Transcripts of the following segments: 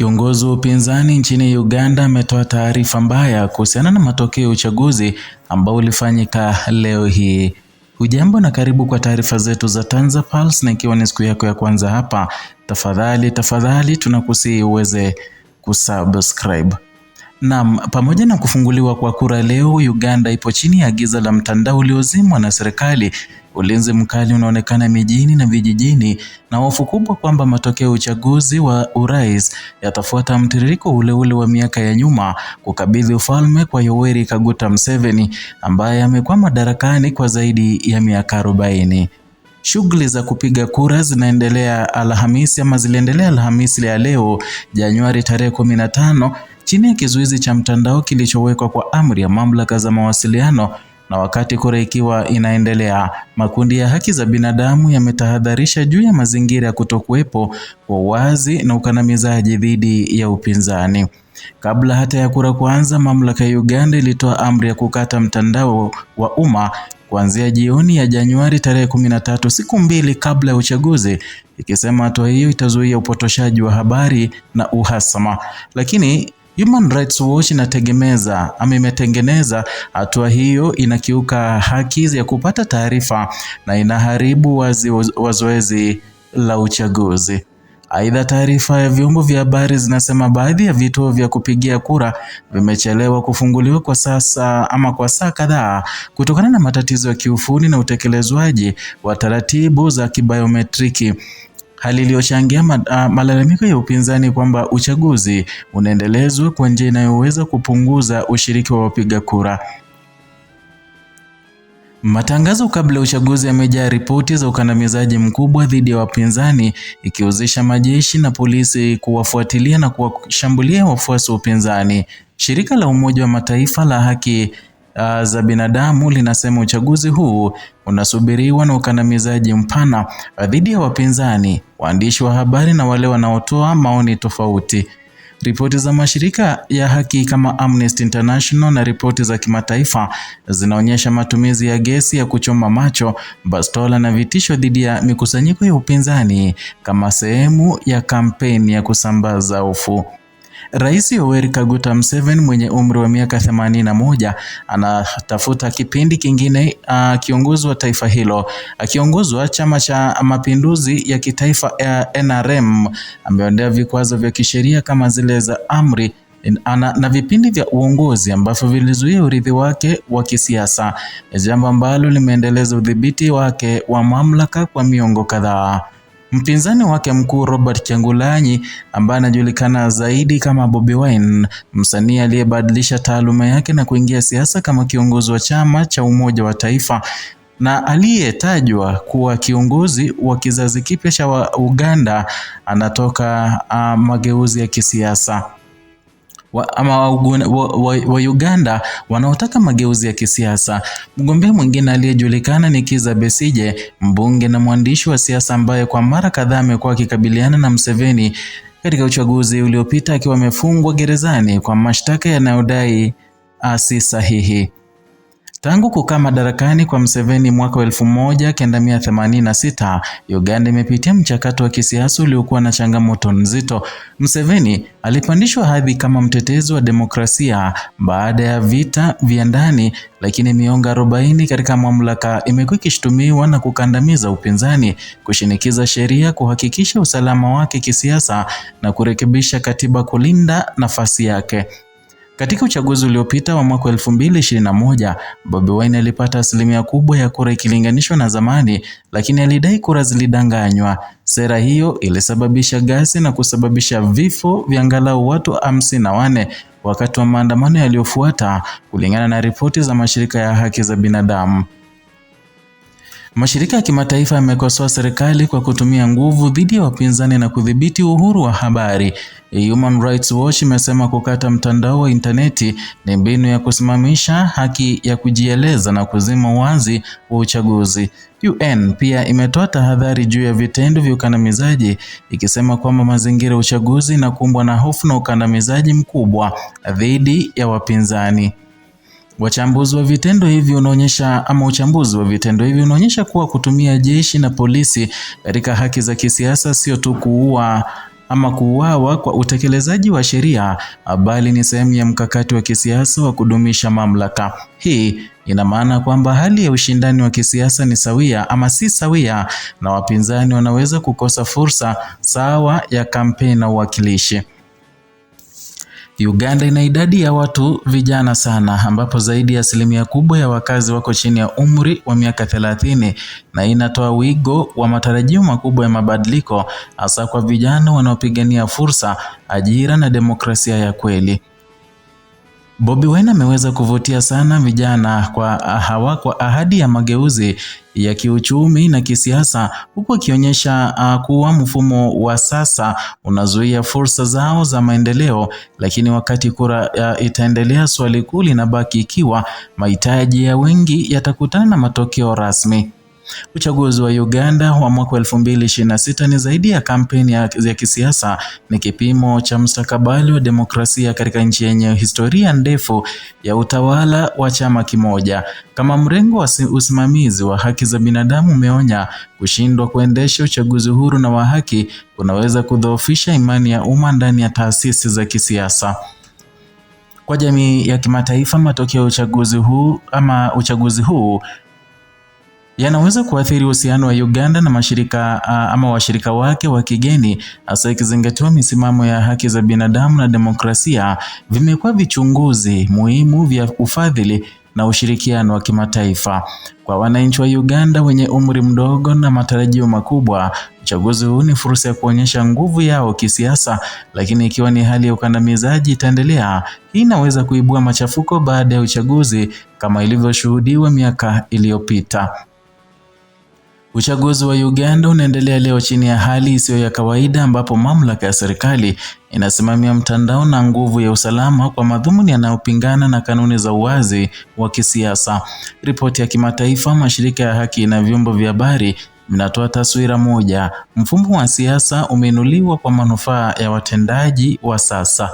Kiongozi wa upinzani nchini Uganda ametoa taarifa mbaya kuhusiana na matokeo ya uchaguzi ambao ulifanyika leo hii. Hujambo na karibu kwa taarifa zetu za Tanza Pulse, na ikiwa ni siku yako ya kwanza hapa, tafadhali tafadhali tunakusii uweze kusubscribe. Naam, pamoja na kufunguliwa kwa kura leo, Uganda ipo chini ya giza la mtandao uliozimwa na serikali. Ulinzi mkali unaonekana mijini na vijijini, na hofu kubwa kwamba matokeo ya uchaguzi wa urais yatafuata mtiririko ule ule wa miaka ya nyuma, kukabidhi ufalme kwa Yoweri Kaguta Museveni ambaye amekuwa madarakani kwa zaidi ya miaka arobaini. Shughuli za kupiga kura zinaendelea Alhamisi ama ziliendelea Alhamisi ya leo Januari tarehe kumi na tano chini ya kizuizi cha mtandao kilichowekwa kwa amri ya mamlaka za mawasiliano. Na wakati kura ikiwa inaendelea, makundi ya haki za binadamu yametahadharisha juu ya mazingira ya kutokuwepo kwa uwazi na ukandamizaji dhidi ya upinzani. Kabla hata ya kura kuanza, mamlaka ya Uganda ilitoa amri ya kukata mtandao wa umma kuanzia jioni ya Januari tarehe 13, siku mbili kabla ya uchaguzi, ikisema hatua hiyo itazuia upotoshaji wa habari na uhasama. Lakini Human Rights Watch inategemeza ama imetengeneza hatua hiyo inakiuka haki ya kupata taarifa na inaharibu wazi wa zoezi la uchaguzi. Aidha, taarifa ya vyombo vya habari zinasema baadhi ya vituo vya kupigia kura vimechelewa kufunguliwa kwa sasa ama kwa saa kadhaa kutokana na matatizo ya kiufundi na utekelezwaji wa taratibu za kibayometriki hali iliyochangia ah, malalamiko ya upinzani kwamba uchaguzi unaendelezwa kwa njia inayoweza kupunguza ushiriki wa wapiga kura. Matangazo kabla ya uchaguzi yamejaa ripoti za ukandamizaji mkubwa dhidi ya wapinzani, ikihusisha majeshi na polisi kuwafuatilia na kuwashambulia wafuasi wa upinzani. Shirika la Umoja wa Mataifa la haki za binadamu linasema uchaguzi huu unasubiriwa na ukandamizaji mpana dhidi ya wapinzani, waandishi wa habari na wale wanaotoa maoni tofauti. Ripoti za mashirika ya haki kama Amnesty International na ripoti za kimataifa zinaonyesha matumizi ya gesi ya kuchoma macho, bastola na vitisho dhidi ya mikusanyiko ya upinzani kama sehemu ya kampeni ya kusambaza hofu. Rais Yoweri Kaguta Museveni mwenye umri wa miaka 81 anatafuta kipindi kingine akiongozwa wa taifa hilo. Akiongozwa chama cha mapinduzi ya kitaifa NRM, ameondoa vikwazo vya kisheria kama zile za amri ana, na vipindi vya uongozi ambavyo vilizuia urithi wake wa kisiasa, jambo ambalo limeendeleza udhibiti wake wa mamlaka kwa miongo kadhaa. Mpinzani wake mkuu Robert Kyangulanyi ambaye anajulikana zaidi kama Bobi Wine, msanii aliyebadilisha taaluma yake na kuingia siasa kama kiongozi wa chama cha Umoja wa Taifa na aliyetajwa kuwa kiongozi wa kizazi kipya cha Uganda anatoka uh, mageuzi ya kisiasa wa, ama wa, wa, wa wanaotaka mageuzi ya kisiasa. Mgombea mwingine aliyejulikana ni Kiza Besije, mbunge na mwandishi wa siasa ambaye kwa mara kadhaa amekuwa akikabiliana na Museveni katika uchaguzi uliopita akiwa amefungwa gerezani kwa mashtaka yanayodai si sahihi. Tangu kukaa madarakani kwa mseveni mwaka wa elfu moja kenda mia themanini na sita, Uganda imepitia mchakato wa kisiasa uliokuwa na changamoto nzito. mseveni alipandishwa hadhi kama mtetezi wa demokrasia baada ya vita vya ndani, lakini miongo arobaini katika mamlaka imekuwa ikishutumiwa na kukandamiza upinzani, kushinikiza sheria, kuhakikisha usalama wake kisiasa na kurekebisha katiba kulinda nafasi yake. Katika uchaguzi uliopita wa mwaka 2021, Bobi Wine alipata asilimia kubwa ya kura ikilinganishwa na zamani, lakini alidai kura zilidanganywa. Sera hiyo ilisababisha gasi na kusababisha vifo vya angalau watu hamsini na wane wakati wa maandamano yaliyofuata, kulingana na ripoti za mashirika ya haki za binadamu. Mashirika ya kimataifa yamekosoa serikali kwa kutumia nguvu dhidi ya wapinzani na kudhibiti uhuru wa habari. Human Rights Watch imesema kukata mtandao wa intaneti ni mbinu ya kusimamisha haki ya kujieleza na kuzima uwazi wa uchaguzi. UN pia imetoa tahadhari juu ya vitendo vya ukandamizaji ikisema kwamba mazingira ya uchaguzi inakumbwa na hofu na ukandamizaji mkubwa dhidi ya wapinzani. Wachambuzi wa vitendo hivi unaonyesha ama uchambuzi wa vitendo hivi unaonyesha kuwa kutumia jeshi na polisi katika haki za kisiasa sio tu kuua ama kuuawa kwa utekelezaji wa sheria bali ni sehemu ya mkakati wa kisiasa wa kudumisha mamlaka. Hii ina maana kwamba hali ya ushindani wa kisiasa ni sawia ama si sawia, na wapinzani wanaweza kukosa fursa sawa ya kampeni na uwakilishi. Uganda ina idadi ya watu vijana sana ambapo zaidi ya asilimia kubwa ya wakazi wako chini ya umri wa miaka thelathini na inatoa wigo wa matarajio makubwa ya mabadiliko hasa kwa vijana wanaopigania fursa, ajira na demokrasia ya kweli. Bobi Wine ameweza kuvutia sana vijana kwa ah, hawa kwa ahadi ya mageuzi ya kiuchumi na kisiasa, huku akionyesha uh, kuwa mfumo wa sasa unazuia fursa zao za maendeleo. Lakini wakati kura uh, itaendelea, swali kuu linabaki ikiwa mahitaji ya wengi yatakutana na matokeo rasmi. Uchaguzi wa Uganda wa mwaka 2026 ni zaidi ya kampeni ya, ya kisiasa, ni kipimo cha mstakabali wa demokrasia katika nchi yenye historia ndefu ya utawala wa chama kimoja. Kama mrengo wa usimamizi wa haki za binadamu umeonya, kushindwa kuendesha uchaguzi huru na wa haki kunaweza kudhoofisha imani ya umma ndani ya taasisi za kisiasa. Kwa jamii ya kimataifa, matokeo ya uchaguzi huu ama uchaguzi huu yanaweza kuathiri uhusiano wa Uganda na mashirika ama washirika wake wa kigeni, hasa ikizingatiwa misimamo ya haki za binadamu na demokrasia vimekuwa vichunguzi muhimu vya ufadhili na ushirikiano wa kimataifa. Kwa wananchi wa Uganda wenye umri mdogo na matarajio makubwa, uchaguzi huu ni fursa ya kuonyesha nguvu yao kisiasa, lakini ikiwa ni hali ya ukandamizaji itaendelea, hii inaweza kuibua machafuko baada ya uchaguzi kama ilivyoshuhudiwa miaka iliyopita. Uchaguzi wa Uganda unaendelea leo chini ya hali isiyo ya kawaida ambapo mamlaka ya serikali inasimamia mtandao na nguvu ya usalama kwa madhumuni yanayopingana na kanuni za uwazi wa kisiasa. Ripoti ya kimataifa, mashirika ya haki na vyombo vya habari vinatoa taswira moja. Mfumo wa siasa umeinuliwa kwa manufaa ya watendaji wa sasa.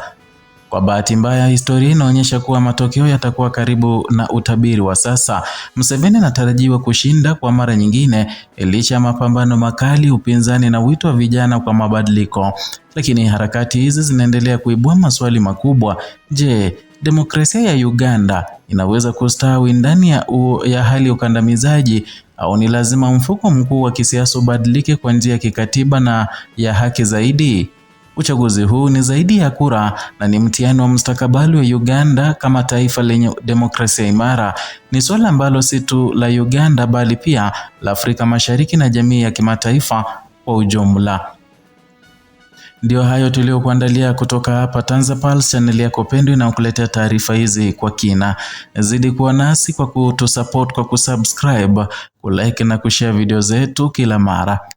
Kwa bahati mbaya, historia inaonyesha kuwa matokeo yatakuwa karibu na utabiri wa sasa. Museveni anatarajiwa kushinda kwa mara nyingine, licha ya mapambano makali, upinzani na wito wa vijana kwa mabadiliko. Lakini harakati hizi zinaendelea kuibua maswali makubwa. Je, demokrasia ya Uganda inaweza kustawi ndani ya, ya hali ya ukandamizaji au ni lazima mfuko mkuu wa kisiasa ubadilike kwa njia ya kikatiba na ya haki zaidi? Uchaguzi huu ni zaidi ya kura na ni mtihani wa mustakabali wa Uganda kama taifa lenye demokrasia imara. Ni suala ambalo si tu la Uganda bali pia la Afrika Mashariki na jamii ya kimataifa kwa ujumla. Ndio hayo tuliyokuandalia kutoka hapa TanzaPulse, chaneli yako pendwa inayokuletea taarifa hizi kwa kina. Zidi kuwa nasi kwa kutusupport kwa kusubscribe, kulike na kushare video zetu kila mara.